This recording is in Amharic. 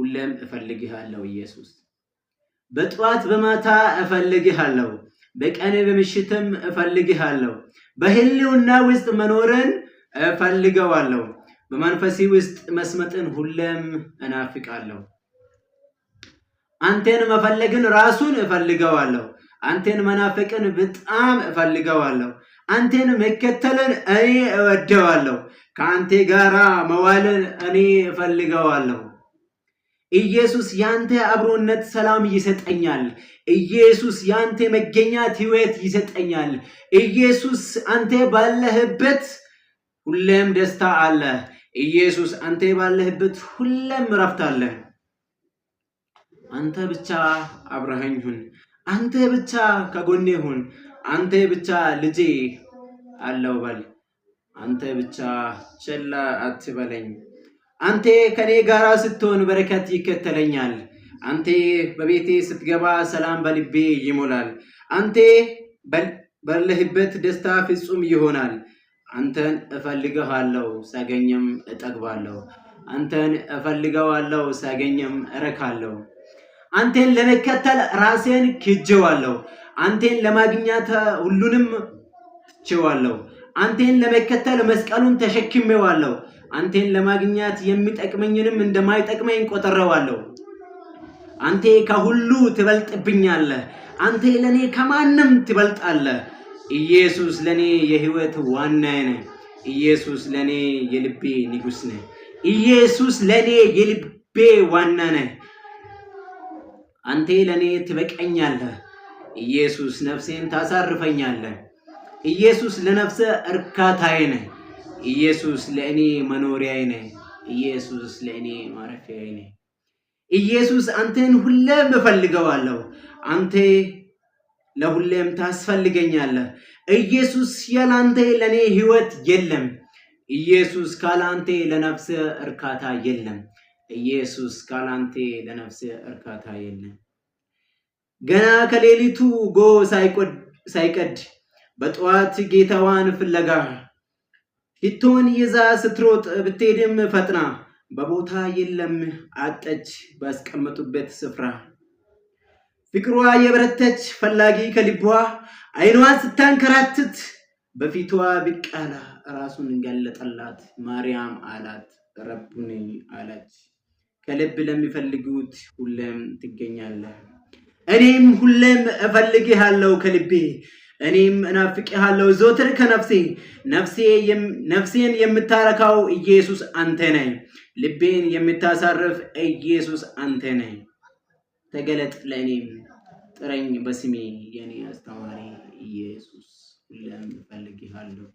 ሁሌም እፈልግሃለሁ ኢየሱስ፣ በጠዋት በማታ እፈልግሃለሁ፣ በቀን በምሽትም እፈልግሃለሁ። በህልውና ውስጥ መኖርን እፈልገዋለሁ፣ በመንፈሲ ውስጥ መስመጥን ሁሌም እናፍቃለሁ። አንተን መፈለግን ራሱን እፈልገዋለሁ። አንተን መናፈቅን በጣም እፈልገዋለሁ። አንተን መከተልን እኔ እወደዋለሁ። ከአንቴ ጋራ መዋልን እኔ እፈልገዋለሁ። ኢየሱስ ያንተ አብሮነት ሰላም ይሰጠኛል። ኢየሱስ ያንተ መገኛት ህይወት ይሰጠኛል። ኢየሱስ አንተ ባለህበት ሁሌም ደስታ አለ። ኢየሱስ አንተ ባለህበት ሁሌም እረፍት አለ። አንተ ብቻ አብረኸኝ ሁን። አንተ ብቻ ከጎኔ ሁን። አንተ ብቻ ልጄ አለው በል። አንተ ብቻ ችላ አትበለኝ። አንተ ከኔ ጋር ስትሆን በረከት ይከተለኛል። አንተ በቤቴ ስትገባ ሰላም በልቤ ይሞላል። አንተ ባለህበት ደስታ ፍጹም ይሆናል። አንተን እፈልገዋለሁ ሳገኘም እጠግባለሁ። አንተን እፈልገዋለሁ ሳገኘም እረካለሁ። አንተን ለመከተል ራሴን ክጄዋለሁ። አንተን ለማግኛት ሁሉንም ትቼዋለሁ። አንተን ለመከተል መስቀሉን ተሸክሜዋለሁ። አንቴን ለማግኘት የሚጠቅመኝንም እንደማይጠቅመኝ ቆጥሬዋለሁ። አንቴ ከሁሉ ትበልጥብኛለህ። አንቴ ለእኔ ከማንም ትበልጣለህ። ኢየሱስ ለእኔ የህይወት ዋናዬ ነህ። ኢየሱስ ለእኔ የልቤ ንጉሥ ነህ። ኢየሱስ ለእኔ የልቤ ዋና ነህ። አንቴ ለእኔ ትበቀኛለህ። ኢየሱስ ነፍሴን ታሳርፈኛለህ። ኢየሱስ ለነፍሰ እርካታዬ ነህ። ኢየሱስ ለእኔ መኖሪያዬ ነህ። ኢየሱስ ለእኔ ማረፊያዬ ነህ። ኢየሱስ አንተን ሁሌም እፈልገዋለሁ። አንተ ለሁሌም ታስፈልገኛለህ። ኢየሱስ ያላንተ ለእኔ ህይወት የለም። ኢየሱስ ካላንተ ለነፍስ እርካታ የለም። ኢየሱስ ካላንተ ለነፍስ እርካታ የለም። ገና ከሌሊቱ ጎህ ሳይቀድ በጠዋት ጌታዋን ፍለጋ ሽቶን ይዛ ስትሮጥ ብትሄድም ፈጥና በቦታ የለም አጠች ባስቀመጡበት ስፍራ ፍቅሯ የበረተች ፈላጊ ከልቧ አይኗ ስታንከራትት በፊቷ ብቅ ራሱን ገለጠላት። ማርያም አላት ረቡኒ አለች ከልብ ለሚፈልጉት ሁሌም ትገኛለህ። እኔም ሁሌም እፈልግሃለሁ ከልቤ እኔም እናፍቅሃለሁ ዘወትር ከነፍሴ ነፍሴን የምታረካው ኢየሱስ አንተ ነህ። ልቤን የምታሳርፍ ኢየሱስ አንተ ነህ። ተገለጥ ለእኔም ጥረኝ በስሜ የኔ አስተማሪ ኢየሱስ ሁሌም እፈልግሃለሁ።